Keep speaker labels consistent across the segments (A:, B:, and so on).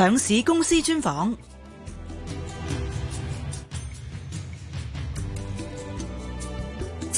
A: 上市公司專訪。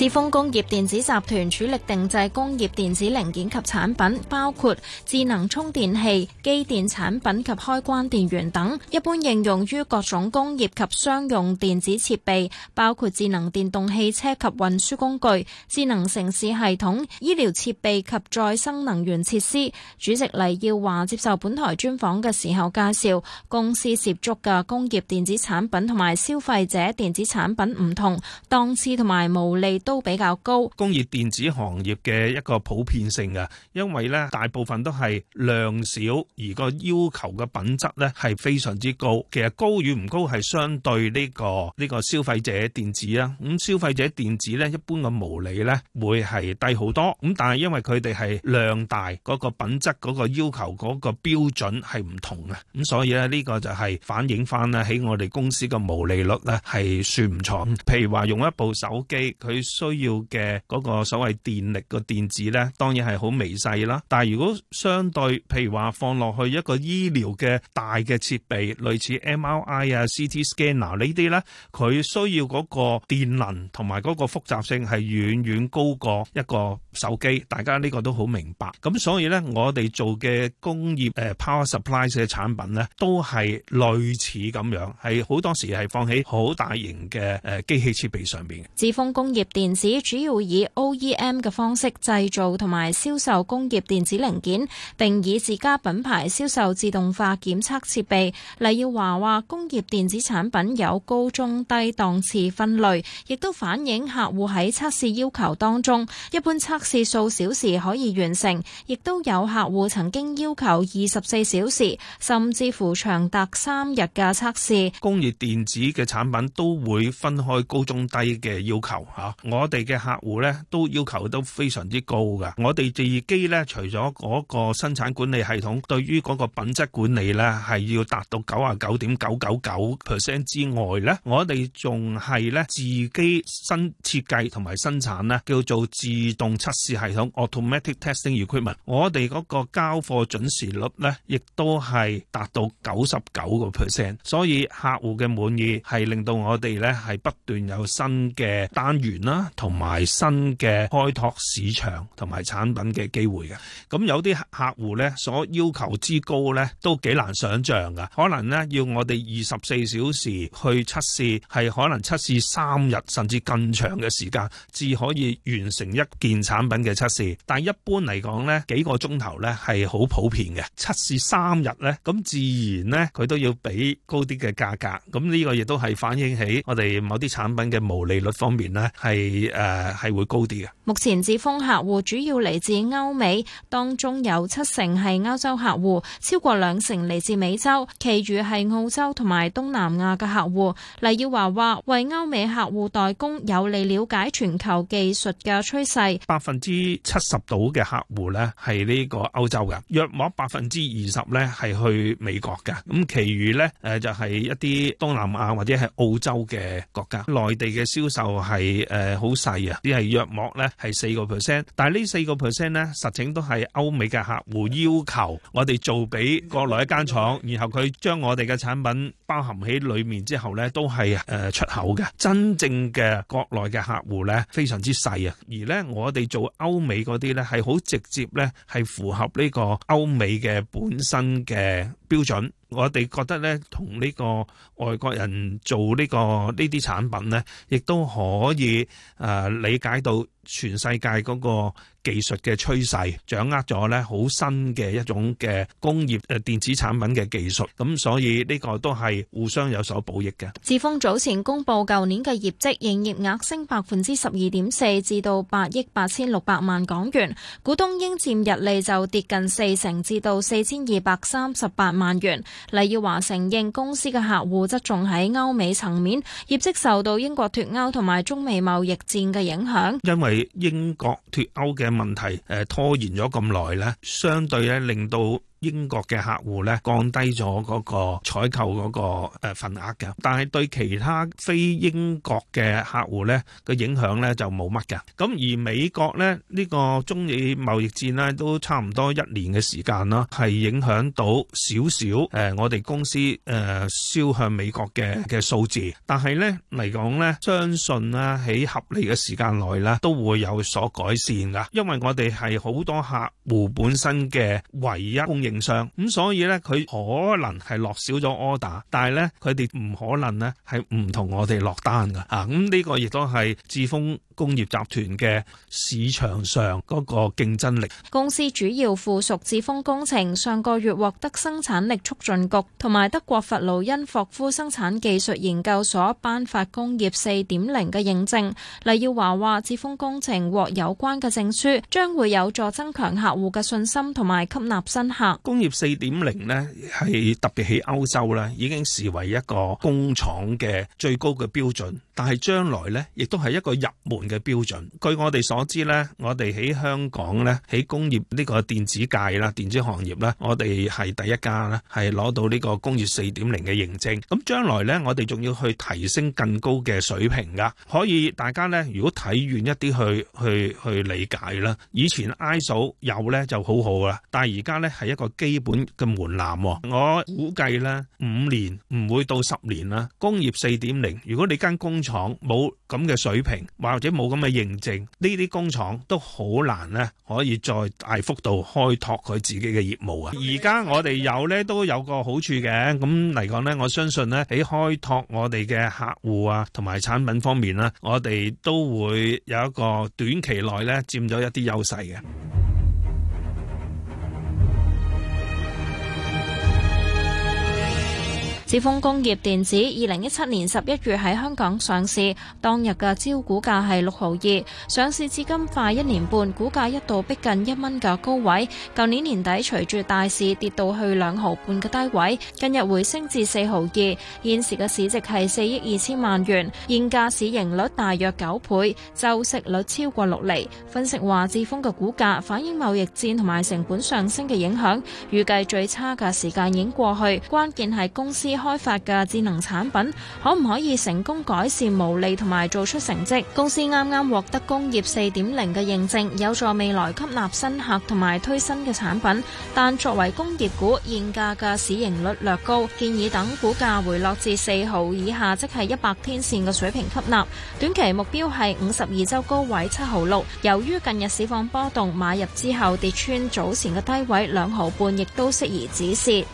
A: 致豐工業電子集團主力定製工業電子零件及產品，包括智能充電器、機電產品及開關電源等，一般應用於各種工業及商用電子設備，包括智能電動汽車及運輸工具、智能城市系統、醫療設備及再生能源設施。主席黎耀華接受本台專訪嘅時候介紹，公司涉足嘅工業電子產品同埋消費者電子產品唔同，檔次同埋毛利都。都比較高，
B: 工業電子行業嘅一個普遍性啊，因為咧大部分都係量少，而個要求嘅品質咧係非常之高。其實高與唔高係相對呢個呢個消費者電子啊，咁消費者電子咧一般嘅毛利咧會係低好多，咁但係因為佢哋係量大，嗰個品質嗰個要求嗰個標準係唔同啊，咁所以咧呢個就係反映翻咧喺我哋公司嘅毛利率咧係算唔錯。譬如話用一部手機，佢。需要嘅嗰個所謂電力個電子咧，當然係好微細啦。但係如果相對，譬如話放落去一個醫療嘅大嘅設備，類似 MRI 啊、CT scanner 呢啲咧，佢需要嗰個電能同埋嗰個複雜性係遠遠高過一個手機，大家呢個都好明白。咁所以咧，我哋做嘅工業誒 power supply 嘅產品咧，都係類似咁樣，係好多時係放喺好大型嘅誒機器設備上面嘅。
A: 致豐工業電主要以 OEM 嘅方式製造同埋銷售工業電子零件，並以自家品牌銷售自動化檢測設備。黎耀華話：工業電子產品有高中低檔次分類，亦都反映客戶喺測試要求當中，一般測試數小時可以完成，亦都有客戶曾經要求二十四小時，甚至乎長達三日嘅測試。
B: 工業電子嘅產品都會分開高中低嘅要求吓，我我哋嘅客戶咧都要求都非常之高噶，我哋自己咧除咗嗰個生產管理系統，對於嗰個品質管理咧係要達到九十九點九九九 percent 之外咧，我哋仲係咧自己新設計同埋生產咧叫做自動測試系統 （automatic testing equipment）。我哋嗰個交貨準時率咧亦都係達到九十九個 percent，所以客戶嘅滿意係令到我哋咧係不斷有新嘅單元啦。同埋新嘅開拓市場同埋產品嘅機會嘅，咁有啲客戶咧所要求之高咧都幾難想象嘅，可能咧要我哋二十四小時去測試，係可能測試三日甚至更長嘅時間至可以完成一件產品嘅測試，但一般嚟講咧幾個鐘頭咧係好普遍嘅，測試三日咧，咁自然咧佢都要俾高啲嘅價格。咁呢個亦都係反映喺我哋某啲產品嘅毛利率方面咧係。誒，係會高啲嘅。
A: 目前致豐客戶主要嚟自歐美，當中有七成係歐洲客戶，超過兩成嚟自美洲，其餘係澳洲同埋東南亞嘅客戶。黎耀華話，為歐美客戶代工，有利了解全球技術嘅
B: 趨勢。百分之七十度嘅客戶呢係呢個歐洲嘅，約莫百分之二十呢係去美國嘅，咁其餘呢誒就係一啲東南亞或者係澳洲嘅國家。內地嘅銷售係誒。好細啊！只係約莫呢係四個 percent，但係呢四個 percent 呢實情都係歐美嘅客戶要求，我哋做俾國內一間廠，然後佢將我哋嘅產品。包含喺裏面之後呢，都係誒出口嘅。真正嘅國內嘅客戶呢，非常之細啊。而呢，我哋做歐美嗰啲呢，係好直接呢，係符合呢個歐美嘅本身嘅標準。我哋覺得呢，同呢個外國人做呢個呢啲產品呢，亦都可以誒理解到。全世界嗰個技術嘅趨勢掌握咗咧，好新嘅一種嘅工業誒電子產品嘅技術，咁所以呢個都係互相有所補益嘅。
A: 致豐早前公布舊年嘅業績，營業額升百分之十二點四，至到八億八千六百萬港元，股東應占溢利就跌近四成，至到四千二百三十八萬元。黎耀華承認公司嘅客戶則仲喺歐美層面，業績受到英國脱歐同埋中美貿易戰嘅影響，
B: 因為。英國脫歐嘅問題誒拖延咗咁耐咧，相對咧令到。英國嘅客戶咧降低咗嗰個採購嗰個誒份額嘅，但係對其他非英國嘅客戶咧嘅影響咧就冇乜嘅。咁而美國咧呢個中美貿易戰咧都差唔多一年嘅時間啦，係影響到少少誒我哋公司誒銷向美國嘅嘅數字，但係咧嚟講咧相信咧喺合理嘅時間內咧都會有所改善㗎，因為我哋係好多客戶本身嘅唯一供應。上咁，所以呢，佢可能係落少咗 order，但係呢，佢哋唔可能呢係唔同我哋落單噶啊。咁呢個亦都係致豐工業集團嘅市場上嗰個競爭力。
A: 公司主要附屬致豐工程上個月獲得生產力促進局同埋德國弗勞恩霍夫生產技術研究所頒發工業四點零嘅認證。黎耀華話，致豐工程獲有關嘅證書，將會有助增強客戶嘅信心，同埋吸納新客。工業
B: 四點零呢，係特別喺歐洲咧，已經視為一個工廠嘅最高嘅標準。但係將來呢，亦都係一個入門嘅標準。據我哋所知呢，我哋喺香港呢，喺工業呢個電子界啦、電子行業啦，我哋係第一家啦，係攞到呢個工業4.0嘅認證。咁將來呢，我哋仲要去提升更高嘅水平㗎。可以大家呢，如果睇遠一啲去去去理解啦。以前 ISO 有呢就好好啦，但係而家呢，係一個基本嘅門檻。我估計呢，五年唔會到十年啦。工業4.0，如果你間工業廠冇咁嘅水平，或者冇咁嘅認證，呢啲工廠都好難咧，可以再大幅度開拓佢自己嘅業務啊！okay，而家我哋有咧，都有個好處嘅。咁嚟講咧，我相信咧喺開拓我哋嘅客戶啊，同埋產品方面啦，我哋都會有一個短期內咧佔咗一啲優勢嘅。
A: 致豐工業電子二零一七年十一月喺香港上市，當日嘅招股價係六毫二，上市至今快一年半，股價一度逼近一蚊嘅高位。舊年年底隨住大市跌到去兩毫半嘅低位，近日回升至四毫二。現時嘅市值係四億二千萬元，現價市盈率大約九倍，周息率超過六厘。分析話致豐嘅股價反映貿易戰同埋成本上升嘅影響，預計最差嘅時間已經過去，關鍵係公司。開發嘅智能產品可唔可以成功改善毛利同埋做出成績？公司啱啱獲得工業四點零嘅認證，有助未來吸納新客同埋推新嘅產品。但作為工業股，現價嘅市盈率略高，建議等股價回落至四毫以下，即係一百天線嘅水平吸納。短期目標係五十二周高位七毫六。由於近日市況波動，買入之後跌穿早前嘅低位兩毫半，亦都適宜止蝕。